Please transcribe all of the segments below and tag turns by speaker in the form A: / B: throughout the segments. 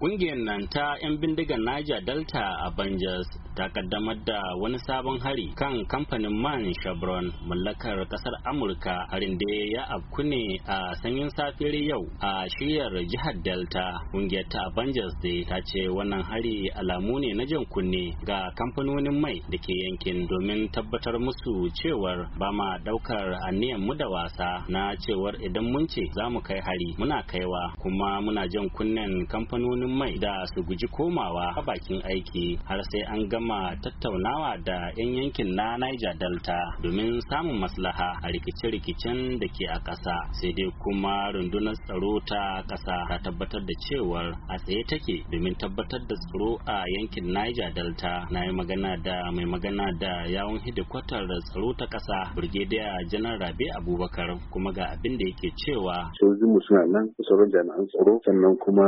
A: Ƙungiyar nan ta 'yan bindigar Niger Delta a ta kaddamar da wani sabon hari kan kamfanin man Chevron mallakar ƙasar Amurka harin da ya afku ne a sanyin safiyar yau a shiyar jihar Delta. Ƙungiyar ta Banjas dai ta ce wannan hari alamu ne na jan kunne ga kamfanonin mai da ke yankin domin tabbatar musu cewar ba ma ɗaukar aniyan mu da wasa na cewar idan mun ce za mu kai hari muna kaiwa kuma muna jan kunnen kamfanonin kamfanonin mai da su guji komawa a bakin aiki har sai an gama tattaunawa da 'yan yankin na Niger Delta domin samun maslaha a rikice-rikicen da ke a ƙasa sai dai kuma rundunar tsaro ta ƙasa ta tabbatar da cewar a tsaye take domin tabbatar da tsaro a yankin Niger Delta na yi magana da mai magana da yawon hidikwatar tsaro ta ƙasa Brigadier Janar Rabe Abubakar kuma ga abin da yake cewa.
B: Sojojinmu suna nan sauran jami'an tsaro sannan kuma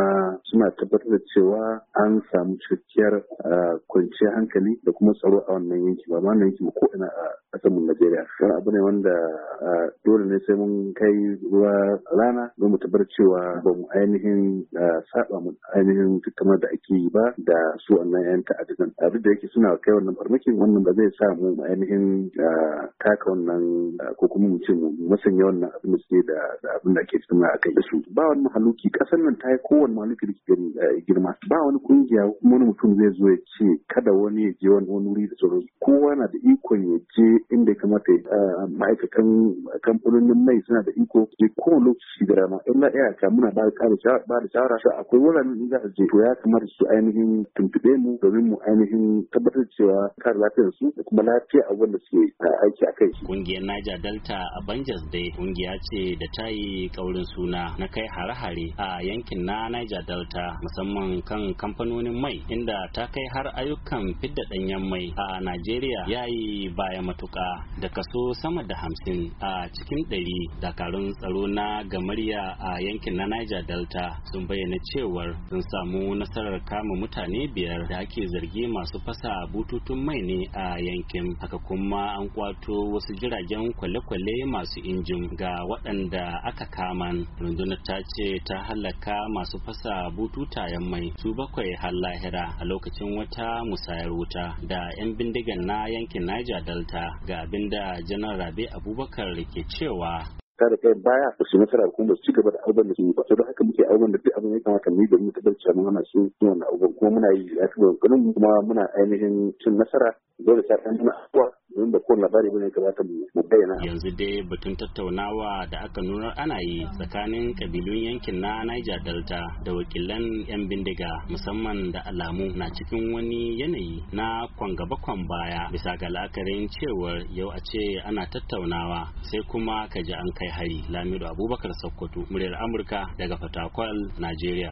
B: suna tabbatar da cewa an samu cikakkiyar eh, kwanciyar hankali da kuma tsaro a wannan yanki ba ma yanki ko ina a ƙasar mu Najeriya kan abu ne wanda eh, dole ne sai mun kai ruwa rana don mu tabbatar cewa ba mu ainihin eh, saba mu ainihin tattamar da ake yi ba da su wannan yan ta'addan abin da yake suna kai wannan farmakin wannan ba zai sa mu ainihin taka wannan ko kuma mu ce mu masanya wannan abin da suke da abin da ke cikin a kai da su ba wani mahaluki ƙasar nan ta yi kowane mahaluki da ke gani girma ba wani kungiya kuma wani mutum zai zo ya ce kada wani ya je wani wuri da tsoro. kowa na da ikon ya je inda ya kamata ma'aikatan kamfanonin mai suna da iko ne ko lokaci da rana in na iyaka muna ba da shawara sa akwai wuraren da za a je to ya kamata su ainihin tuntuɓe mu domin mu ainihin tabbatar cewa kare lafiyar su da kuma lafiya a wanda suke aiki a kai.
A: Kungiyar Niger Delta Avengers dai kungiya ce da ta yi kaurin suna na kai hare-hare a yankin na naija Delta musamman kan kamfanonin mai inda ta kai har ayyukan fidda danyen mai a Najeriya yayi baya matuka da kaso sama da hamsin a cikin ɗari dakarun tsaro na gamariya a yankin na Niger Delta sun bayyana cewar sun samu nasarar kama mutane biyar da ake zargi masu fasa bututun mai ne a yankin haka kuma an kwato wasu jiragen kwale-kwale masu injin ga waɗanda aka kaman rundunar ta ce ta halaka masu fasa bututa mashayan mai su bakwai har lahira a lokacin wata musayar wuta da 'yan bindigan na yankin Niger Delta ga abin da janar Rabe Abubakar ke cewa
B: Kada kai baya ba su nasara kuma ba su ci gaba da abin da su ba da haka muke abin da duk abin ya kamata mu yi domin tabbatar mun ana su wannan abubuwan kuma muna yi ya fi kuma muna ainihin cin nasara dole sai an nuna abubuwa don da kowane labari bane kamata mu bayyana
A: yanzu dai batun tattaunawa da aka nuna ana yi tsakanin kabilun yankin na Niger Delta da wakilan yan bindiga musamman da alamu na cikin wani yanayi na kwangaba kwan baya bisa ga la'akarin cewar yau a ce ana tattaunawa sai kuma ka ji an kai hari Lamido Abubakar Sokoto muryar Amurka daga Fatakwal Najeriya